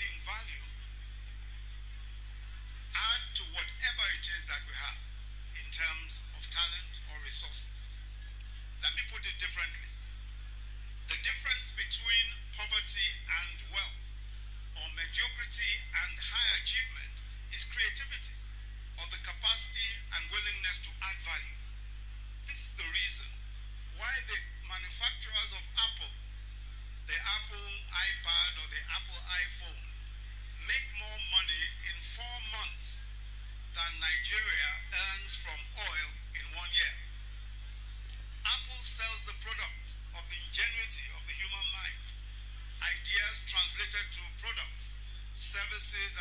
adding value, add to whatever it is that we have in terms of talent or resources. Let me put it differently. The difference between poverty and wealth, or mediocrity and high achievement, is creativity.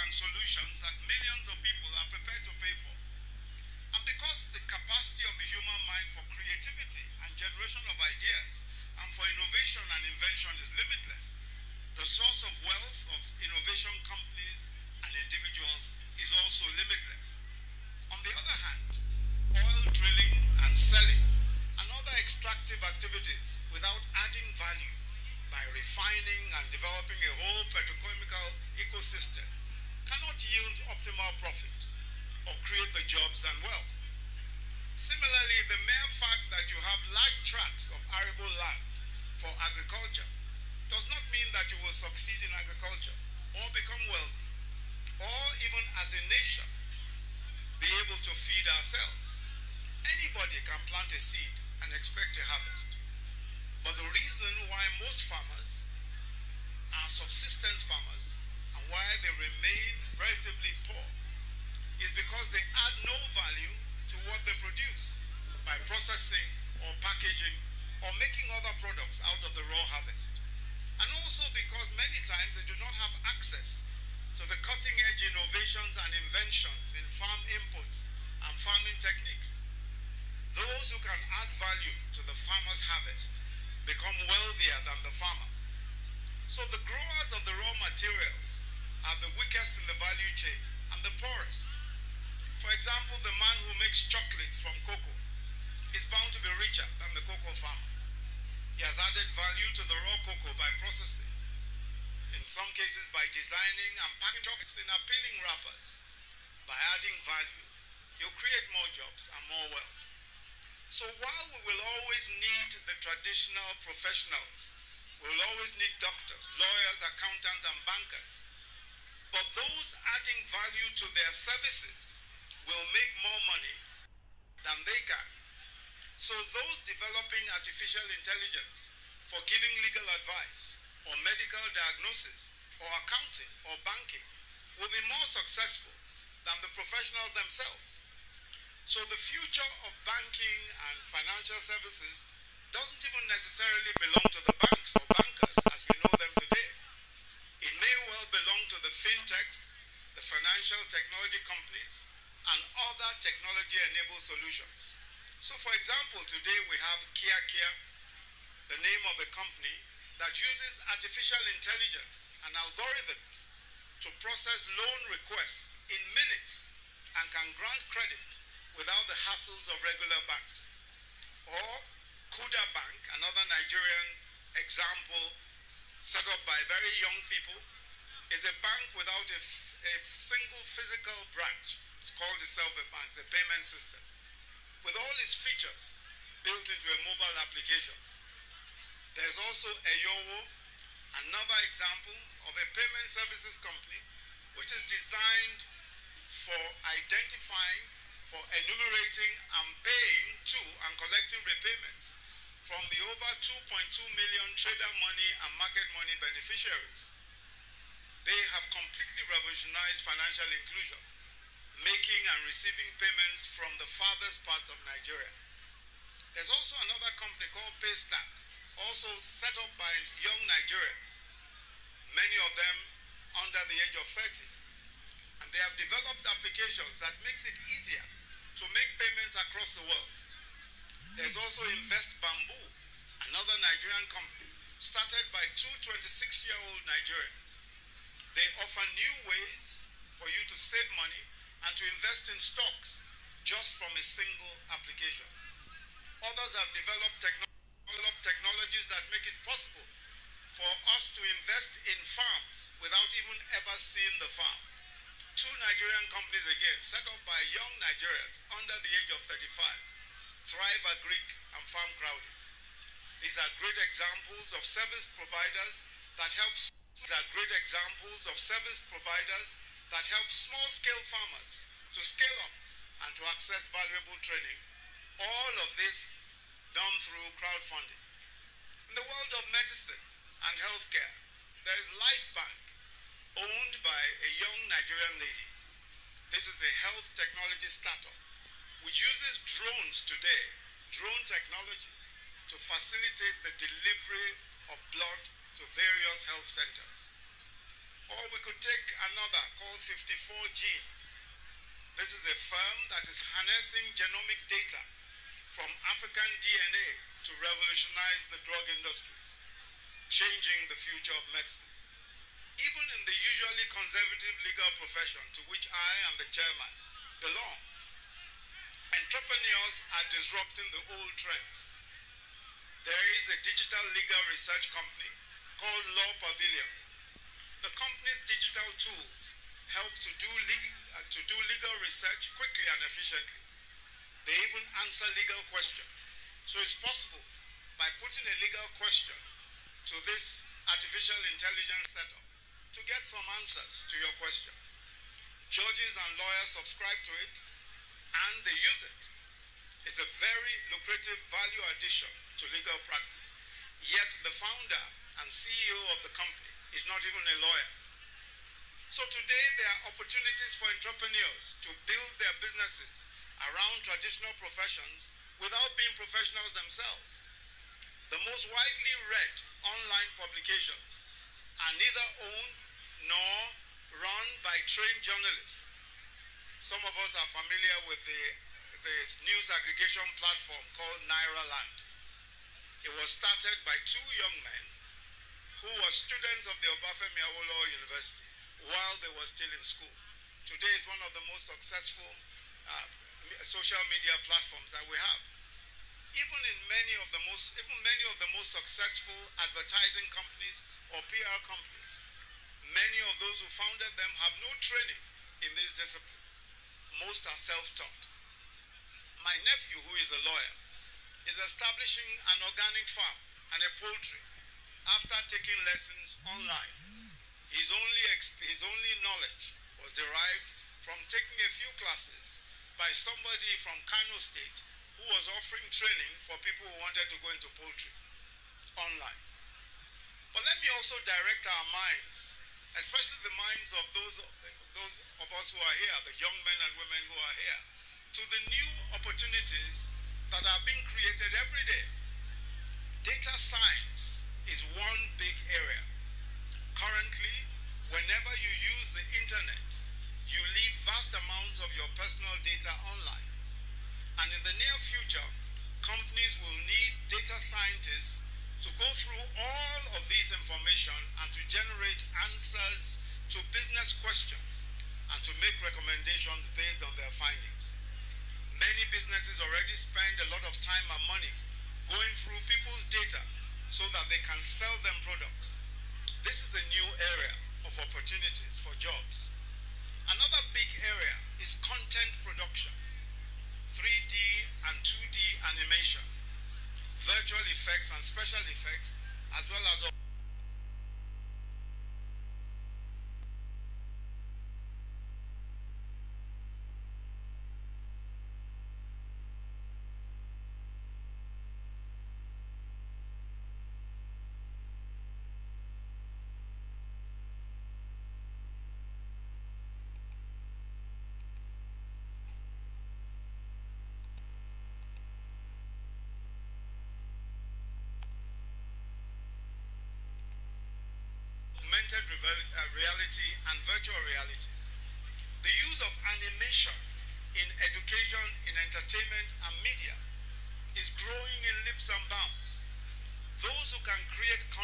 and solutions that millions of people are prepared to pay for. And because the capacity of the human mind for creativity and generation of ideas and for innovation and invention is limitless, the source of wealth of innovation companies and individuals is also limitless. On the other hand, oil drilling and selling and other extractive activities without adding value by refining and developing a whole petrochemical ecosystem yield optimal profit or create the jobs and wealth. Similarly, the mere fact that you have large tracts of arable land for agriculture does not mean that you will succeed in agriculture or become wealthy or even as a nation be able to feed ourselves. Anybody can plant a seed and expect a harvest. But the reason why most farmers are subsistence farmers why they remain relatively poor is because they add no value to what they produce by processing or packaging or making other products out of the raw harvest. And also because many times they do not have access to the cutting edge innovations and inventions in farm inputs and farming techniques. Those who can add value to the farmer's harvest become wealthier than the farmer. So the growers of the raw materials I'm the weakest in the value chain. I'm the poorest. For example, the man who makes chocolates from cocoa is bound to be richer than the cocoa farmer. He has added value to the raw cocoa by processing, in some cases by designing and packing chocolates in appealing wrappers. By adding value, you create more jobs and more wealth. So while we will always need the traditional professionals, we'll always need doctors, lawyers, accountants, and bankers but those adding value to their services will make more money than they can. So those developing artificial intelligence for giving legal advice or medical diagnosis or accounting or banking will be more successful than the professionals themselves. So the future of banking and financial services doesn't even necessarily belong to the bank. technology companies and other technology-enabled solutions. So for example, today we have Kia Kia, the name of a company that uses artificial intelligence and algorithms to process loan requests in minutes and can grant credit without the hassles of regular banks. Or Kuda Bank, another Nigerian example set up by very young people is a bank without a, single physical branch. It's called itself a bank, it's a payment system. With all its features built into a mobile application. There's also a Yowo, another example of a payment services company which is designed for identifying, for enumerating and paying to and collecting repayments from the over 2.2 million trader money and market money beneficiaries they have completely revolutionized financial inclusion, making and receiving payments from the farthest parts of Nigeria. There's also another company called Paystack, also set up by young Nigerians, many of them under the age of 30. And they have developed applications that makes it easier to make payments across the world. There's also Invest Bamboo, another Nigerian company, started by two 26-year-old Nigerians. They offer new ways for you to save money and to invest in stocks just from a single application. Others have developed, developed technologies that make it possible for us to invest in farms without even ever seeing the farm. Two Nigerian companies again, set up by young Nigerians under the age of 35, Thrive Agric and Farm Crowding. These are great examples of service providers that help these are great examples of service providers that help small-scale farmers to scale up and to access valuable training, all of this done through crowdfunding. In the world of medicine and healthcare, there is LifeBank, owned by a young Nigerian lady. This is a health technology startup which uses drones today, drone technology, to facilitate the delivery of blood to various health centers. Or we could take another called 54G. This is a firm that is harnessing genomic data from African DNA to revolutionize the drug industry, changing the future of medicine. Even in the usually conservative legal profession to which I and the chairman belong, entrepreneurs are disrupting the old trends there is a digital legal research company called Law Pavilion. The company's digital tools help to do, uh, to do legal research quickly and efficiently. They even answer legal questions. So it's possible by putting a legal question to this artificial intelligence setup to get some answers to your questions. Judges and lawyers subscribe to it and they use it it's a very lucrative value addition to legal practice. Yet the founder and CEO of the company is not even a lawyer. So today there are opportunities for entrepreneurs to build their businesses around traditional professions without being professionals themselves. The most widely read online publications are neither owned nor run by trained journalists. Some of us are familiar with the this news aggregation platform called Naira Land. It was started by two young men who were students of the Obafemi Awolowo University while they were still in school. Today is one of the most successful uh, social media platforms that we have. Even in many of the most, even many of the most successful advertising companies or PR companies, many of those who founded them have no training in these disciplines. Most are self-taught my nephew, who is a lawyer, is establishing an organic farm and a poultry after taking lessons online. His only, his only knowledge was derived from taking a few classes by somebody from Kano State who was offering training for people who wanted to go into poultry online. But let me also direct our minds, especially the minds of those, those of us who are here, the young men and women who are here, to the new opportunities that are being created every day. Data science is one big area. Currently, whenever you use the internet, you leave vast amounts of your personal data online. And in the near future, companies will need data scientists to go through all of this information and to generate answers to business questions and to make recommendations based on their findings. Many businesses already spend a lot of time and money going through people's data so that they can sell them products. This is a new area of opportunities for jobs. Another big area is content production, 3D and 2D animation, virtual effects and special effects, as well as Uh, reality and virtual reality. The use of animation in education, in entertainment, and media is growing in leaps and bounds. Those who can create